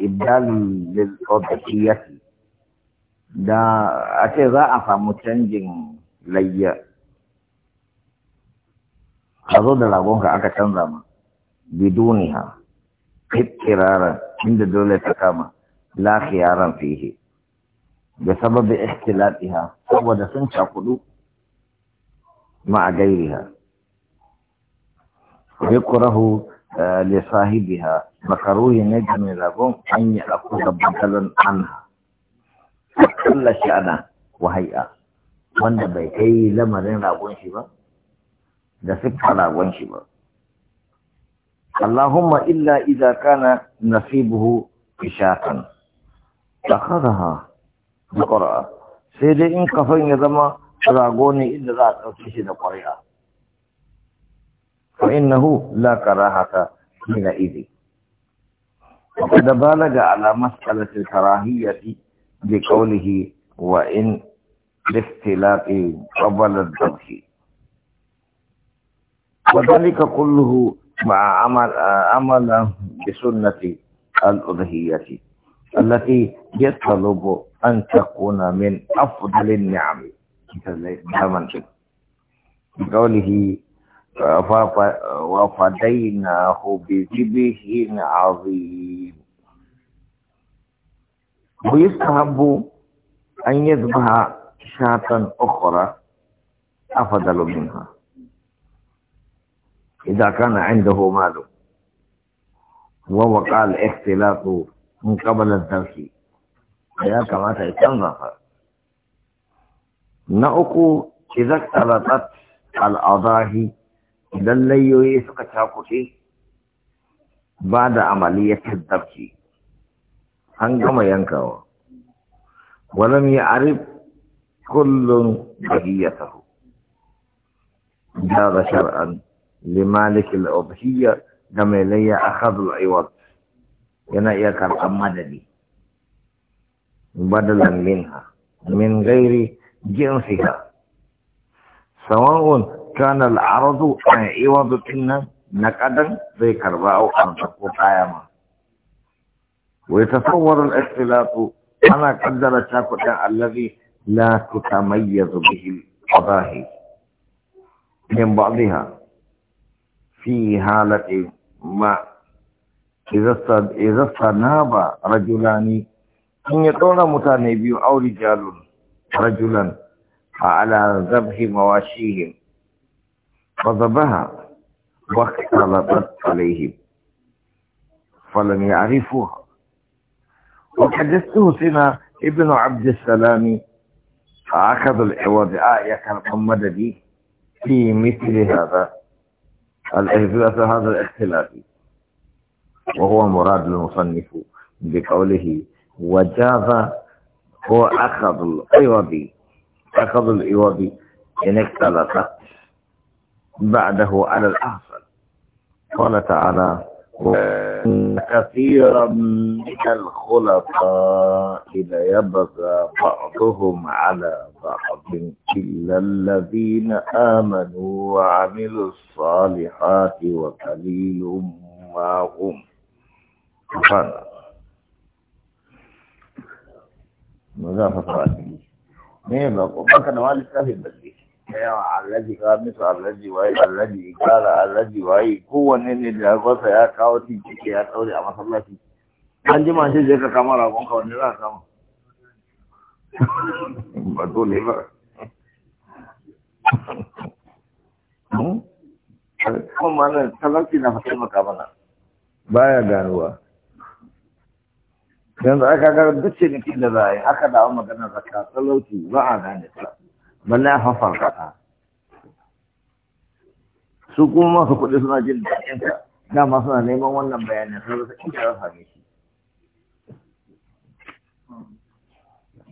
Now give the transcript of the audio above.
ibdalin lil'adakiyati da a ce za a samu canjin layya a zo da ragonka aka canza ma biduniha kirkiraran inda dole ta kama la khiyaran fihi da sababi ihtilatiha saboda sun cakudu ma a gairiha yakrahu li sahibiha makaruhi ne da mai zagon an yi ɗauko da bakalan anha kulla sha'ana wa hai'a wanda bai kai lamarin ragon shi ba da siffar ragon shi ba Allahumma illa idza kana nasibuhu ishatan takhadaha bi qura'a sai dai in kafan ya zama rago ne inda za a ɗauke shi da ƙuri'a فإنه لا كراهة حينئذ وقد بالغ على مسألة الكراهية بقوله وإن لاختلاق قبل الذبح وذلك كله مع عمل عمل بسنة الأضحية التي يطلب أن تكون من أفضل النعم بقوله وفديناه بذبح عظيم ويستحب أن يذبح شاة أخرى أفضل منها إذا كان عنده مال وهو قال اختلاط من قبل الذبح يا كما تتنظف نأكو إذا اختلطت الأضاحي idan layoyi suka cakuɗe ba da amali ya tattabci. an gama yankawa walam ya arif kullum bahiyatahu Da shar'an limalikin al da mai layya a al-iwad yana iya karɓar madadi badalan min ha. min gairi jinsi ha sawa'un كان العرض عوض إن نقدا زي او أرضك قائما ويتصور الاختلاط أنا قدر تاكتا الذي لا تتميز به القضاهي من بعضها في حالة ما إذا استناب رجلان أن يطول متانبي أو رجال رجلا على ذبح مواشيهم فذبها واختلطت عليهم فلم يعرفوها وحدثته سنا ابن عبد السلام فأخذ العوض آية محمد دي في مثل هذا الاختلاف هذا الاختلاف وهو مراد المصنف بقوله وجاز هو أخذ العوض أخذ العوض إن اختلطت بعده على الأحسن قال تعالى كثيرا من الخلطاء ليبغى بعضهم على بعض إلا الذين آمنوا وعملوا الصالحات وقليل ما هم سبحان ماذا فصل عليه؟ ماذا؟ وبكر نوال السافي بلدي yawa allaji kamisu allaji waye allaji ikara allaji waye kowanne ne da agwasa ya kawo tijike ya tsaure a masallaci an jima shi zai ka kama ragon ka wanne za ka kama ba dole ba kuma mana talauci na fasar maka mana baya ganuwa yanzu aka ga duk ce da za a yi aka dawo magana zakka talauci ba a gane ta balle a faffar su kuma masu kuɗi suna jin sa dama suna neman wannan bayanin sun rasa inda za su same shi